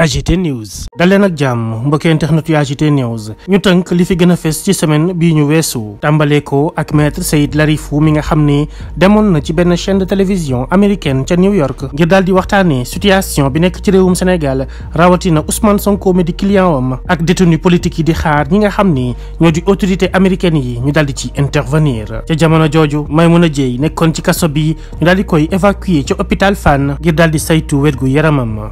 AGT News daleen ak jàmm mbokki internet yu AGT News ñu tënk li fi gën a fes ci semaine bii ñu weesu tàmbale ko ak maître Seyid Larifou mi nga xam ni demoon na ci benn chaîne de télévision américaine ca New York ngir daal di waxtaanee situation bi nekk ci réewum Sénégal rawatina Ousmane Sonko mi di client am ak détenu politique yi di xaar ñi nga xam ni ñoo di autorité américaine yi ñu daal di ci intervenir ca jamono jooju Maimouna Dièye nekkoon ci kaso bi ñu daal di koy évacuer ci hôpital Fann ngir daal di saytu wér gu yaramam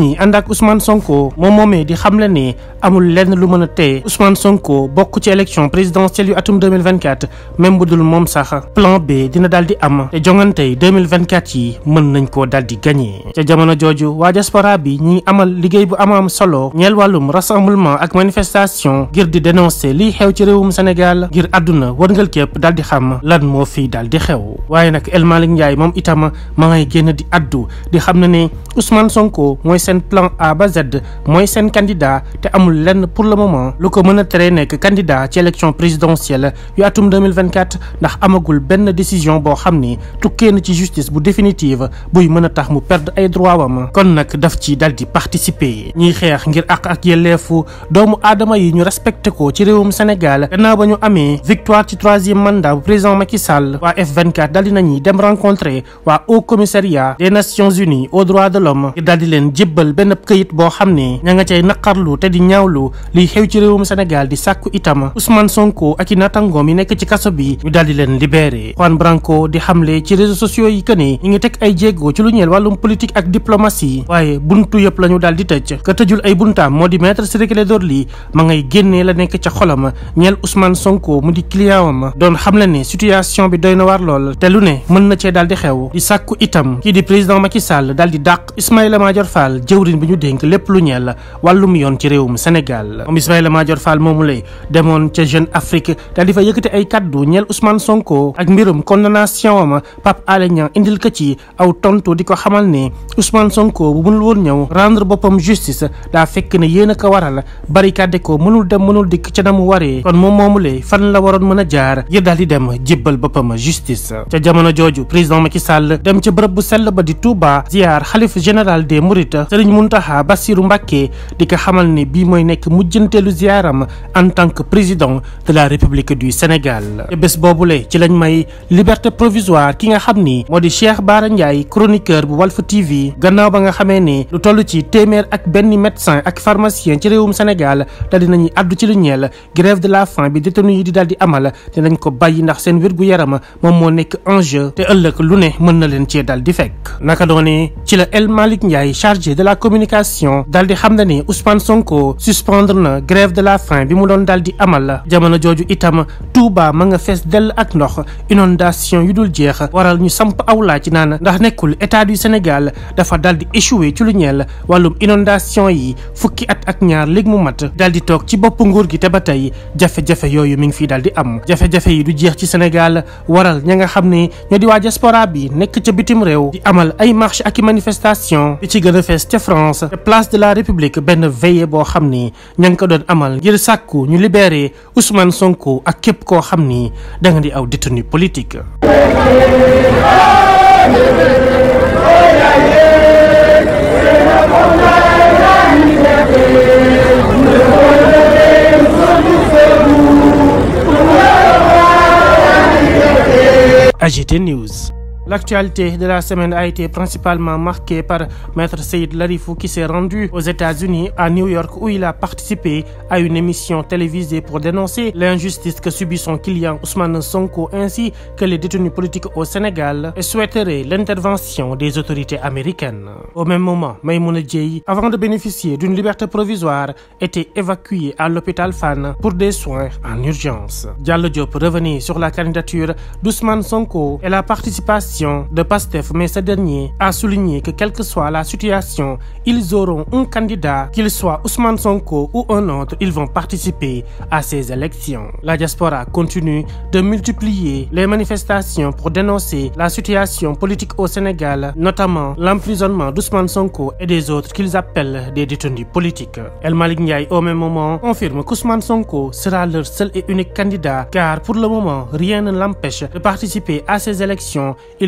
ñi ànd ak Ousmane Sonko moom moomee di xamle ne amul lenn lu mën a téye Ousmane Sonko bokk ci élection présidentielle yu atum 2024 même bu dul moom sax plan dina daal di am te jongante yi 2024 yi mën nañ koo daal di gagné. ca jamono jooju waa diaspora bi ñi amal liggéey bu am am solo ñeel wàllum rassemblement ak manifestation ngir di dénoncer liy xew ci réewum Sénégal ngir àdduna wërngal képp daal di xam lan moo fii daal di xew waaye nag El Malick moom itam ma ngay génn di addu di xam ne ne Ousmane Sonko mooy seen plan A ba Z mooy seen candidat te amul lenn pour le moment lu ko mën a tere nekk candidat ci élection présidentielle yu atum 2024 ndax amagul benn décision boo xam ni tukkee na ci justice bu définitive buy mën a tax mu perdre ay droit wam kon nag daf ci dal di participer ñiy xeex ngir àq ak yelleefu doomu aadama yi ñu respecté ko ci réewum Sénégal gannaaw ba ñu amee victoire ci troisième mandat bu président Macky waa F24 nañuy dem rencontrer waa de l'homme jébbal benn këyit boo xam ne ña nga cay naqarlu te di ñaawlu liy xew ci réewum Sénégal di sàkku itam Ousmane Sonko ak i natangoom yi nekk ci kaso bi ñu daal di leen libéré Juan Branco di xamle ci réseaux sociaux yi que ne ñu ngi teg ay jéego ci lu ñeel wàllum politique ak diplomatie waaye buntu yëpp la ñu daal di tëj ka tëjul ay buntaam moo di maître Ciré Clédor Ly ma ngay génnee la nekk ca xolam ñeel Ousmane Sonko mu di client am doon xam le ne situation bi doy na waar lool te lu ne mën na cee daal di xew di sàkku itam kii di jëwriñ bi ñu dénk lépp lu ñeel wàllum yoon ci réewum Sénégal moom Ismaïla Madior Fall moomu lay demoon ca Jeune Afrique daal di fa yëkkati ay kaddu ñeel Ousmane Sonko ak mbirum condamnation am Pape Alé Niang indil ko ci aw tontu di ko xamal ni Ousmane Sonko bu mënul woon ñëw rendre boppam justice daa fekk ne yéen a ko waral barricade ko mënul dem mënul dikk ca na mu waree kon moom moomu lay fan la waroon mën a jaar yi daal di dem jébbal boppam justice ca jamono jooju président Macky Sall dem ca bërëb bu sell ba di Touba ziar xalif général des Mourides sëriñ Muntaxa Bassirou Mbacké di ko xamal ne bii mooy nekk mujjanteelu ziaram en tant que président de la république du Sénégal te bés boobule ci lañ may liberté provisoire ki nga xam ni moo di Cheikh Bara Ndiaye chroniqueur bu Walf TV gannaaw ba nga xamee ni lu toll ci téeméer ak benn médecin ak pharmacien ci réewum Sénégal daal dinañuy addu ci lu ñeel grève de la faim bi détenu yi di daal di amal dinañ ko bàyyi ndax seen wér gu yaram moom moo nekk enjeu te ëllëg lu ne mën na leen cee daal di fekk naka doone ci la Ndiaye chargé de communication dal di xam ne ni Ousmane Sonko suspendre na grève de la faim bi mu doon dal di amal jamono jooju itam Touba ma nga fees dell ak ndox inondation yu dul jeex waral ñu samp aw laaj ci naan ndax nekkul état du Sénégal dafa dal di échoué ci lu ñeel wàllum inondation yi fukki at ak ñaar léegi mu mat dal di toog ci bopp nguur gi te ba tey jafe-jafe yooyu mu ngi fii dal di am jafe-jafe yi du jeex ci Sénégal waral ña nga xam ne ñoo di waa diaspora yi nekk ca bitim réew di amal ay marche ak i manifestation bi ci gën a fees ca France place de la République benn veillée boo xam ni ña ko doon amal ngir sàkku ñu libeere Ousmane Sonko ak képp koo xam ni da nga di aw détenu politique. AGT News L'actualité de la semaine a été principalement marquée par Maître Seyd Larifou qui s'est rendu aux États-Unis à New York où il a participé à une émission télévisée pour dénoncer l'injustice que subit son client Ousmane Sonko ainsi que les détenus politiques au Sénégal et souhaiterait l'intervention des autorités américaines. Au même moment, Maïmouna Dièye, avant de bénéficier d'une liberté provisoire, était évacuée à l'hôpital Fann pour des soins en urgence. Diallo Diop revenait sur la candidature d'Ousmane coalition de PASTEF, mais ce dernier a souligné que quelle que soit la situation, ils auront un candidat, qu'il soit Ousmane Sonko ou un autre, ils vont participer à ces élections. La diaspora continue de multiplier les manifestations pour dénoncer la situation politique au Sénégal, notamment l'emprisonnement d'Ousmane Sonko et des autres qu'ils appellent des détenus politiques. El Malick Ndiaye, au même moment, confirme qu'Ousmane Sonko sera leur seul et unique candidat, le moment,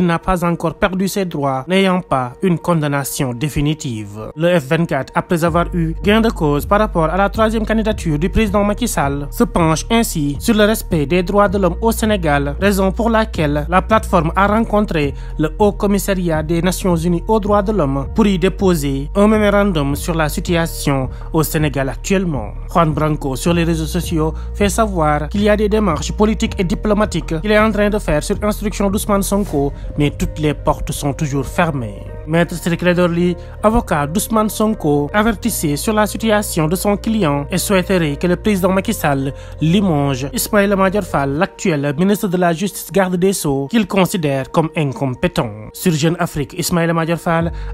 il n'a pas encore perdu ses droits, n'ayant pas une condamnation définitive. Le F24, après avoir eu gain de cause par rapport à la troisième candidature du président Macky se penche ainsi sur le respect des droits de l'homme au Sénégal, raison pour laquelle la plateforme a rencontré le Haut Commissariat des Nations Unies aux droits de l'homme pour y déposer un mémorandum sur la situation au Sénégal actuellement. Juan Branco, sur les réseaux sociaux, a des démarches mais toutes les portes sont toujours fermées. Maître Ciré Clédor Ly, avocat d'Ousmane Sonko, avertissait sur la situation de son client et souhaiterait que le président Macky limonge Ismaïla Madior l'actuel ministre de la Justice garde des Sceaux, qu'il considère comme incompétent. Sur Afrique, Ismaïla Madior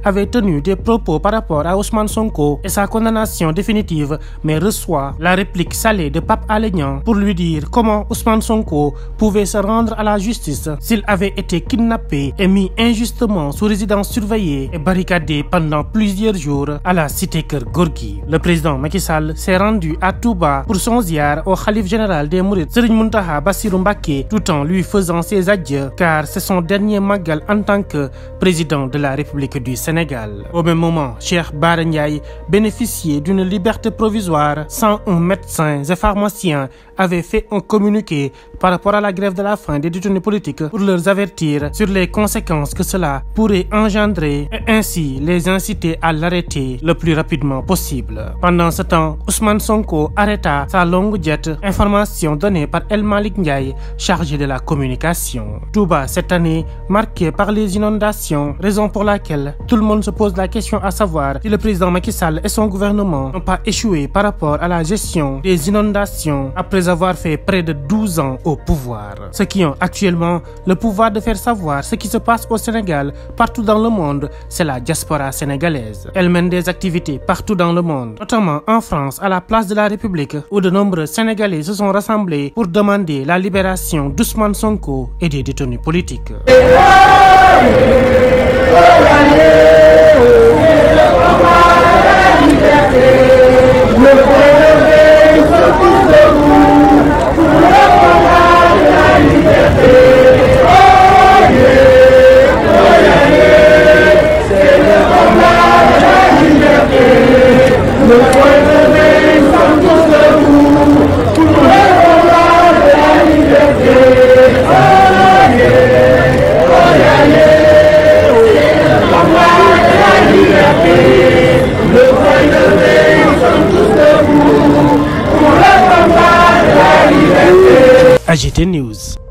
avait tenu des propos par rapport à Ousmane Sonko et sa condamnation définitive, mais reçoit la réplique salée de Pape Alé Niang pour lui dire la justice s'il avait handicapés est mis injustement sous résidence surveillée et barricadé pendant plusieurs jours à la cité Keur Gorgui. Le président Macky Sall s'est rendu à Touba pour son ziar au khalife général des Mourides Serigne Mountakha Bassirou Mbacké tout en lui faisant ses adieux car c'est son dernier magal en tant que président de la République du Sénégal. Au même moment, Cheikh Bara bénéficiait d'une liberté provisoire sans un médecin et pharmacien avait fait un communiqué la grève de la faim des détenus politiques pour sur les conséquences que cela pourrait engendrer et ainsi les inciter à l'arrêter le plus rapidement possible. Pendant ce temps, Ousmane Sonko arrêta sa longue jet, information donnée par El Malik Ndiaye, chargé de la communication. Touba, cette année, marquée par les inondations, raison pour laquelle tout le monde se pose la question à savoir si le président Macky Sall et son gouvernement n'ont pas échoué par rapport à la gestion des inondations après avoir fait près de 12 ans au pouvoir. Ceux qui savoir ce qui se passe au Sénégal partout dans le monde, c'est la diaspora sénégalaise. Elle mène des activités partout dans le monde, notamment en France à la place de la République où de nombreux Sénégalais se sont rassemblés pour demander la libération d'Ousmane Sonko et des détenus politiques. AGT News